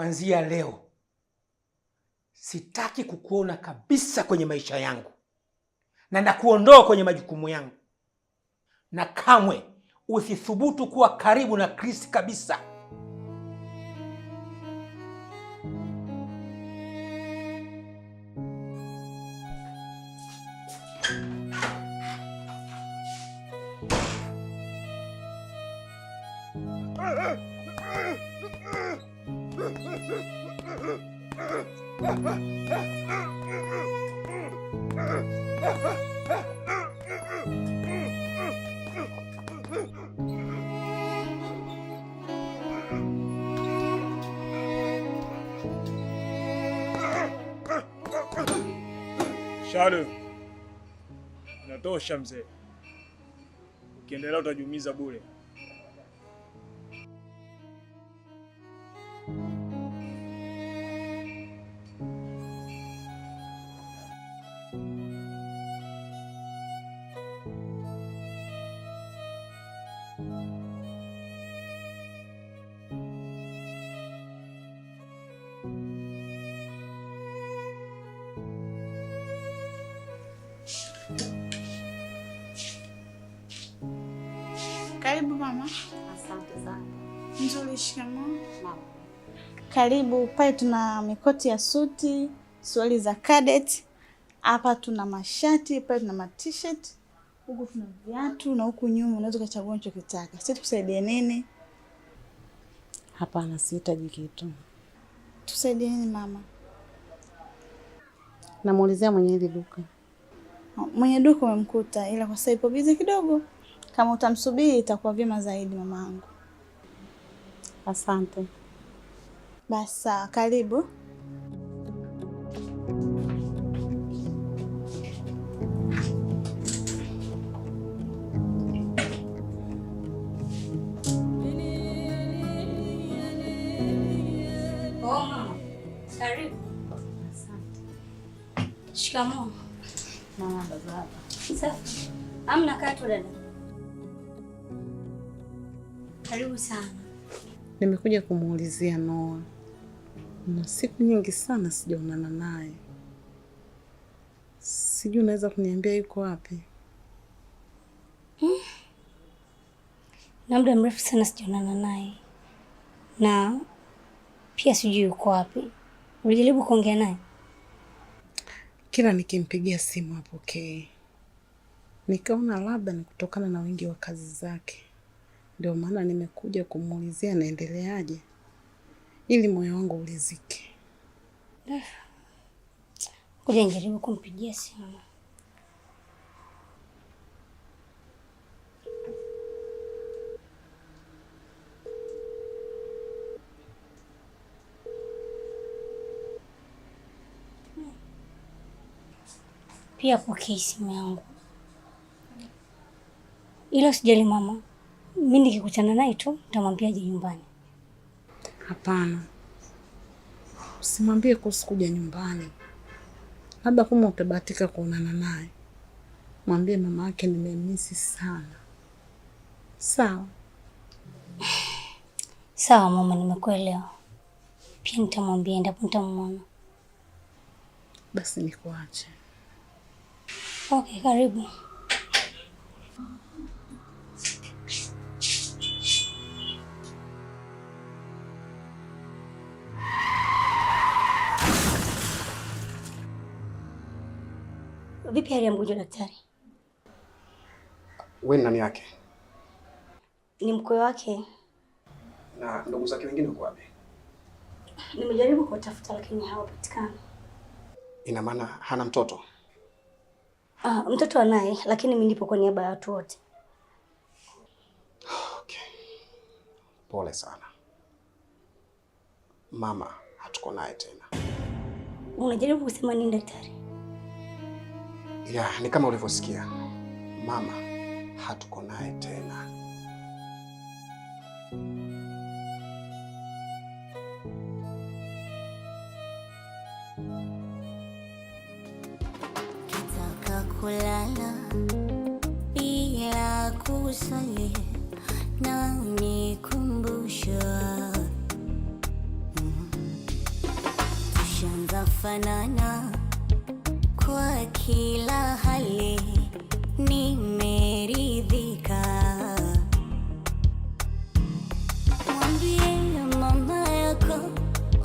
kuanzia leo sitaki kukuona kabisa kwenye maisha yangu, na nakuondoa kwenye majukumu yangu, na kamwe usithubutu kuwa karibu na kristi kabisa. Ah! Shale, natosha mzee, ukiendelea utajiumiza bure. Salama. Asante sana. Nzuri. Shikamoo. Karibu. Pale tuna mikoti ya suti, suruali za cadet. Hapa tuna mashati, pale tuna t-shirt. huku tuna viatu na huku nyuma unaweza ukachagua unachokitaka. Sisi tukusaidie nini? Hapana, sihitaji kitu. Tusaidie nini mama? Namuulizia mwenye hili duka. Mwenye duka umemkuta, ila kwa sasa ipo kidogo. Kama utamsubiri itakuwa vyema zaidi mamaangu. Asante. Basa, karibu. Karibu. Asante. Shikamoo. Mama, baba. Safi. Amna katu dada. Karibu sana. Nimekuja kumuulizia Noa, na siku nyingi sana sijaonana naye, sijui unaweza kuniambia yuko wapi? Hmm. Na muda mrefu sana sijaonana naye na pia sijui yuko wapi. Ulijaribu kuongea naye? Kila nikimpigia simu hapokei, nikaona labda ni kutokana na wingi wa kazi zake ndio maana nimekuja kumuulizia naendeleaje, ili moyo wangu ulizike. Kuja kumpigia simu. Pia pokea simu yangu, ila sijali mama mimi nikikutana naye tu nitamwambiaje nyumbani? Hapana, usimwambie kuhusu kuja nyumbani. Labda kama utabahatika kuonana naye, mwambie mama yake nimemisi sana. Sawa sawa mama, nimekuelewa. Pia nitamwambia endapo nitamwona. Basi nikuache. Okay, karibu. Vipi hali ya mgonjwa daktari? Wewe ni nani yake? Ni mkwe wake. Na ndugu zake wengine uko wapi? Nimejaribu kuwatafuta lakini hawapatikani. Ina maana hana mtoto? Ah, mtoto anaye, lakini mimi nipo kwa niaba ya watu wote. Okay. Pole sana mama, hatuko naye tena. Unajaribu kusema nini daktari? Ya, ni kama ulivyosikia mama, hatuko naye tena. Kitaka kulala bila kusali na nikumbusha mhm. tushanza fanana kila hali nimeridhika. Mwambie mama yako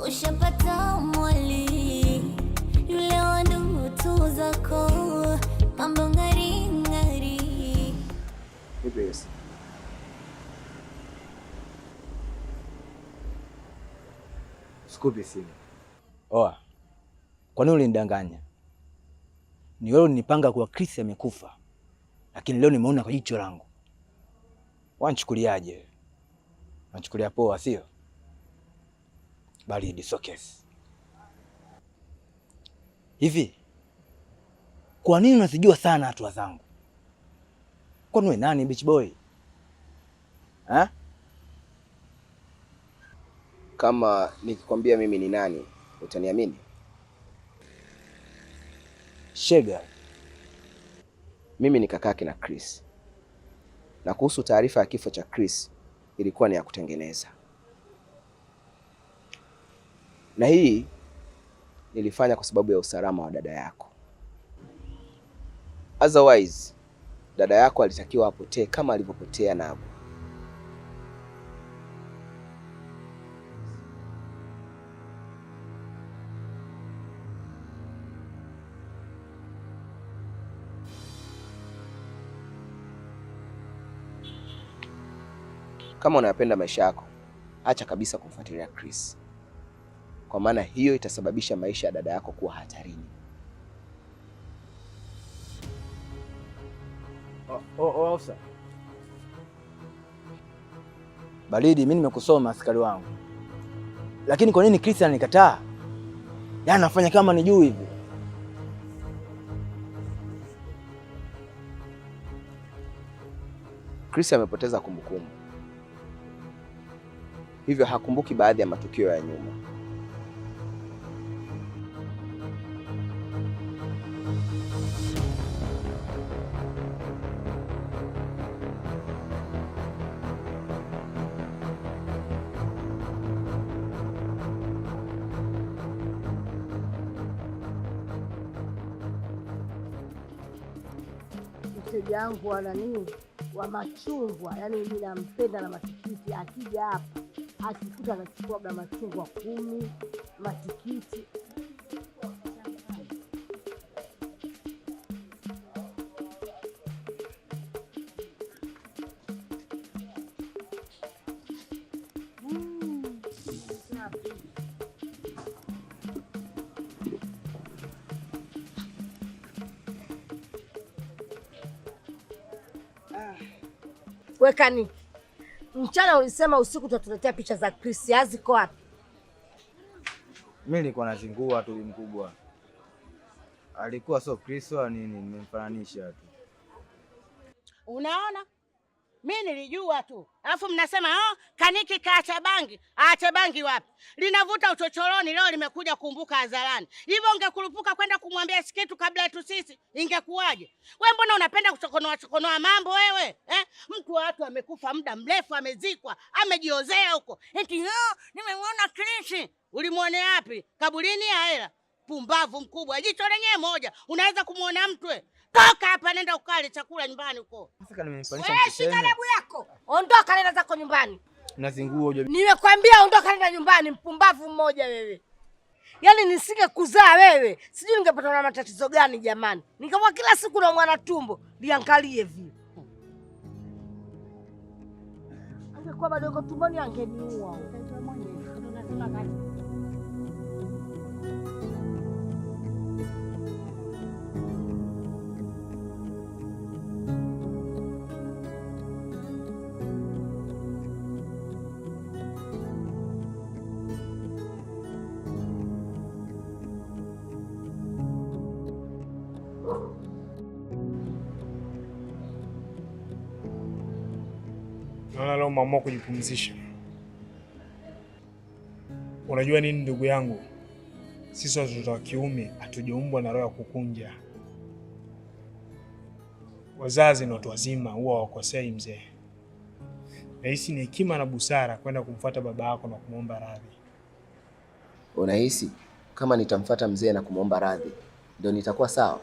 ushapata mwali, yule wa ndoto zako, mambo ngari ngari. Sikupi simu. Oa, kwani ulinidanganya? Ni wewe unipanga kuwa Chris amekufa, lakini leo nimeona kwa jicho langu. Wanchukuliaje? Wanchukulia poa, sio? bali disokes hivi. Kwa nini unazijua sana hatua zangu? Kwani wewe nani bitch boy ha? Kama nikikwambia mimi ni nani utaniamini? Shega, mimi ni kakake na Chris, na kuhusu taarifa ya kifo cha Chris ilikuwa ni ya kutengeneza, na hii nilifanya kwa sababu ya usalama wa dada yako. Otherwise, dada yako alitakiwa apotee kama alivyopotea Nabu. Kama unayapenda maisha yako, acha kabisa kumfuatilia Chris, kwa maana hiyo itasababisha maisha ya dada yako kuwa hatarini. Oh, oh, oh, Baridi, mimi nimekusoma askari wangu, lakini kwa nini Chris ananikataa Yaani anafanya kama ni juu hivi. Chris amepoteza kumbukumbu hivyo hakumbuki baadhi ya matukio ya nyuma. Mteja wangu wa nini wa machungwa, yaani nampenda na matikiti, akija hapa akikuta anachukua machungwa kumi, matikiti ah. wekani Mchana ulisema usiku tutatuletea picha za Chris. Haziko wapi? Mimi nilikuwa nazingua tu mkubwa. Alikuwa sio Chris wala nini, nimemfananisha tu. Unaona? mi nilijua tu, alafu mnasema oh, kaniki kaacha bangi. Aache bangi wapi? Linavuta uchochoroni, leo limekuja kumbuka hadharani. Hivyo ungekurupuka kwenda kumwambia sikitu kabla yetu sisi, ingekuwaje? We mbona unapenda kuchokonoa chokonoa mambo wewe eh? Mtu wa watu amekufa muda mrefu, amezikwa, amejiozea huko, eti oh, nimemwona Krisi. Ulimwone wapi? Kaburini ya hela? Pumbavu mkubwa, jicho lenyewe moja, unaweza kumwona mtwe Toka hapa nenda ukale chakula nyumbani huko. Shika lebu yako, ondoka nenda zako nyumbani. Nazingua unajua. Nimekwambia ondoka nenda nyumbani, mpumbavu mmoja wewe. Yaani nisinge kuzaa wewe, sijui ningepatana na matatizo gani jamani. Nikamwa kila siku na mwana tumbo, liangalie vile. Angekuwa bado yuko tumboni angeniua. naona leo umeamua kujipumzisha. Unajua nini ndugu yangu, sisi watoto wa kiume hatujaumbwa na roho ya kukunja. Wazazi na watu wazima huwa wakosei mzee. Nahisi ni hekima na busara kwenda kumfuata baba yako na kumwomba radhi. Unahisi kama nitamfuata mzee na kumwomba radhi ndio nitakuwa sawa?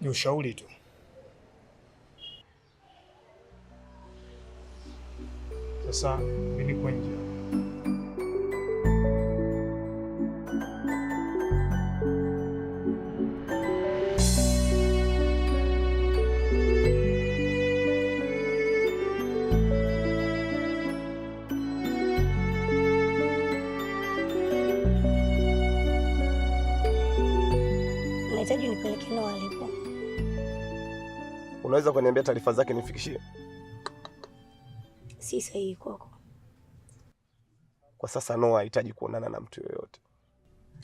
Ni ushauri tu. Sasa mimi niko nje. Unaweza kuniambia taarifa zake nifikishie? si sahihi kwako. Kwa sasa noa hahitaji kuonana na mtu yoyote.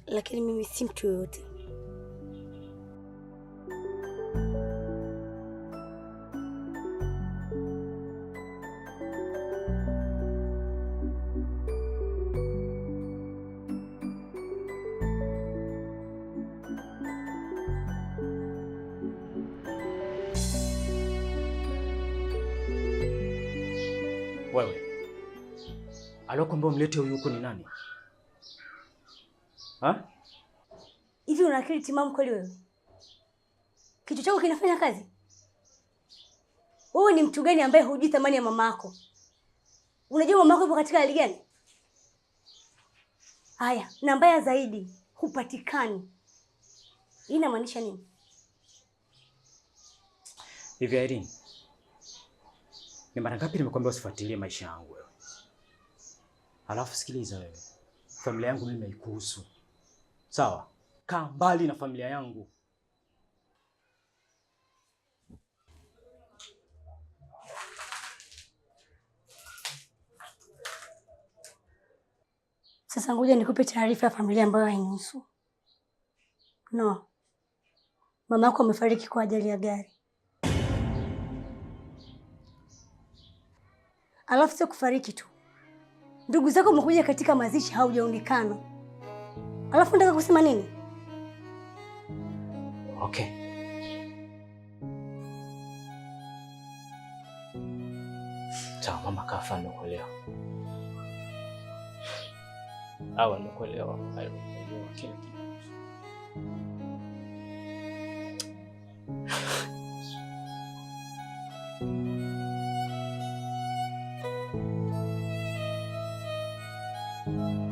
Lakini mimi si mtu yoyote. Aliokuambia mlete huyu huko ni nani? Ha? Hivi una akili timamu kweli wewe? Kichwa chako kinafanya kazi? Wewe ni mtu gani ambaye hujui thamani ya mama yako? Unajua mama yako yupo katika hali gani? Haya, na mbaya zaidi hupatikani. Hii inamaanisha nini? Hivi Irene, ni mara ngapi nimekuambia usifuatilie maisha yangu? Alafu sikiliza wewe, familia yangu mimi naikuhusu, sawa? Kaa mbali na familia yangu. Sasa ngoja nikupe taarifa ya familia ambayo hainihusu. No, mama yako amefariki kwa ajali ya gari, alafu sio kufariki tu ndugu zako umekuja katika mazishi haujaonekana, alafu nataka kusema nini? Okay, sawa mama kafa, nimekuelewa. Awa, nimekuelewa kila kitu. Música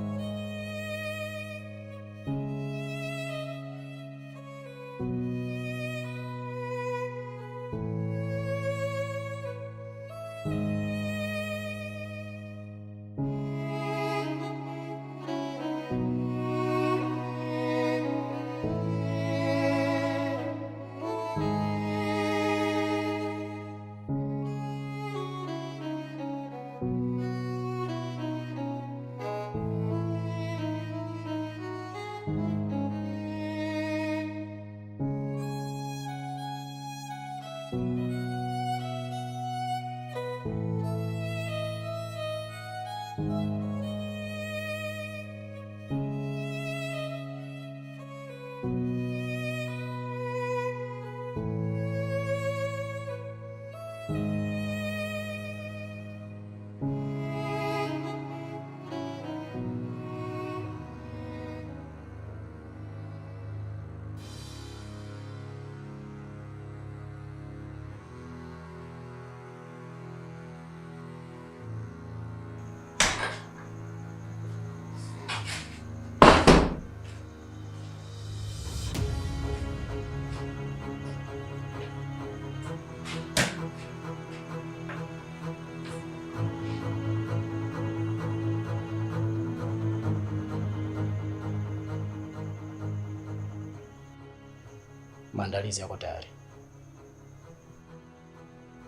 maandalizi yako tayari.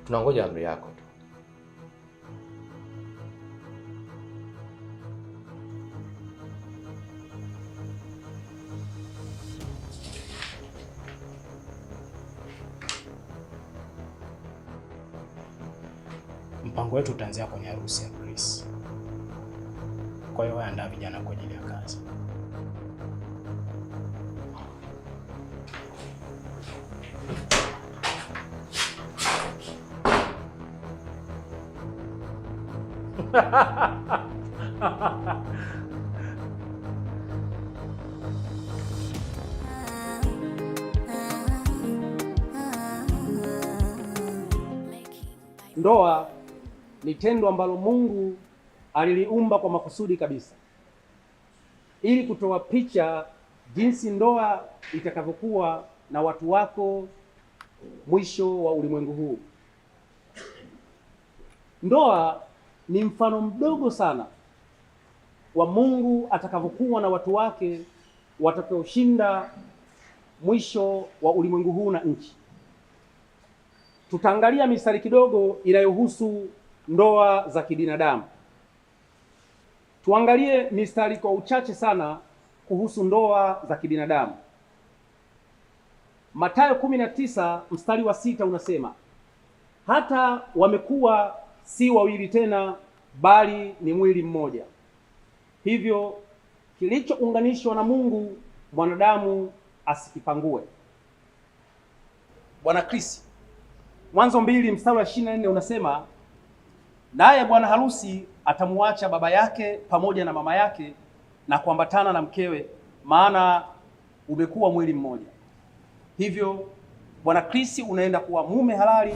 Tunangoja amri yako tu. Mpango wetu utaanzia kwenye harusi ya Grace. Kwa hiyo waandaa vijana kwa ajili ya kazi. Ndoa ni tendo ambalo Mungu aliliumba kwa makusudi kabisa, ili kutoa picha jinsi ndoa itakavyokuwa na watu wako mwisho wa ulimwengu huu. Ndoa ni mfano mdogo sana wa Mungu atakavyokuwa na watu wake watakaoshinda mwisho wa ulimwengu huu na nchi. Tutaangalia mistari kidogo inayohusu ndoa za kibinadamu. Tuangalie mistari kwa uchache sana kuhusu ndoa za kibinadamu. Mathayo kumi na tisa mstari wa sita unasema hata wamekuwa si wawili tena, bali ni mwili mmoja. Hivyo kilichounganishwa na Mungu mwanadamu asikipangue. Bwana krisi Mwanzo mbili mstari wa ishirini na nne unasema naye bwana harusi atamuacha baba yake pamoja na mama yake na kuambatana na mkewe, maana umekuwa mwili mmoja. Hivyo bwana krisi unaenda kuwa mume halali.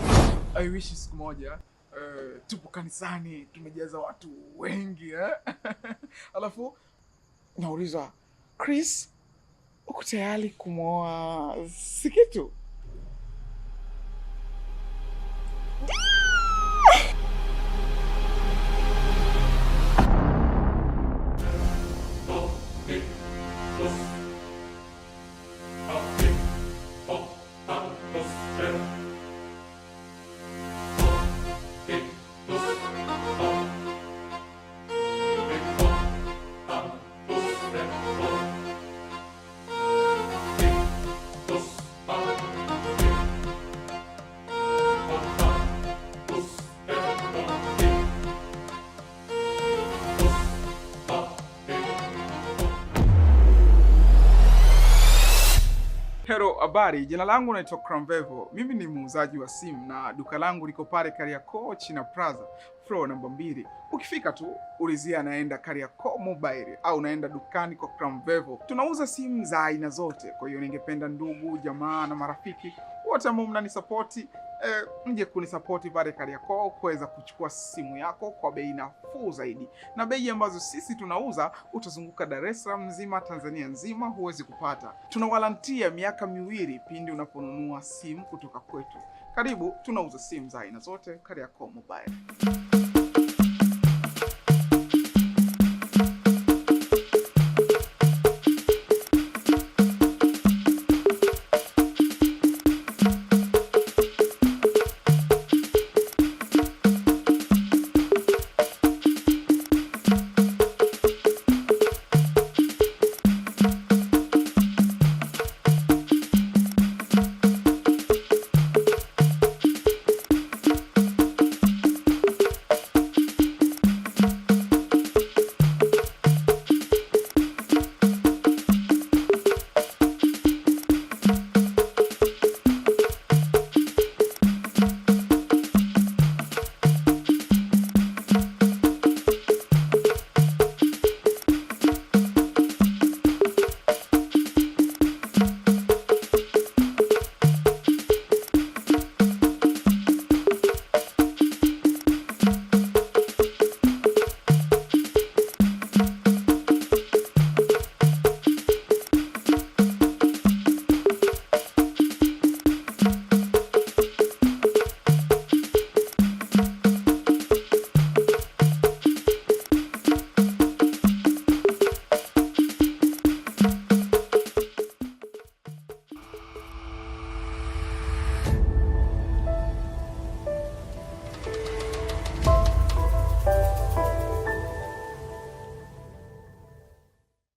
I wish siku moja Eh, tupo kanisani tumejaza watu wengi eh? Alafu naulizwa Chris, uko tayari kumwoa Sikitu? Habari, jina langu naitwa Cramvevo. Mimi ni muuzaji wa simu na duka langu liko pale Kariakoo China Plaza floor namba mbili. Ukifika tu ulizia naenda Kariakoo Mobile au naenda dukani kwa Cramvevo. Tunauza simu za aina zote, kwa hiyo ningependa ndugu, jamaa na marafiki wote ambao mnanisapoti eh, mje kunisapoti pale Kariakoo kuweza kuchukua simu yako kwa bei nafuu zaidi, na bei ambazo sisi tunauza utazunguka Dar es Salaam nzima, Tanzania nzima, huwezi kupata. Tunawarantia miaka miwili pindi unaponunua simu kutoka kwetu. Karibu, tunauza simu za aina zote Kariakoo Mobile.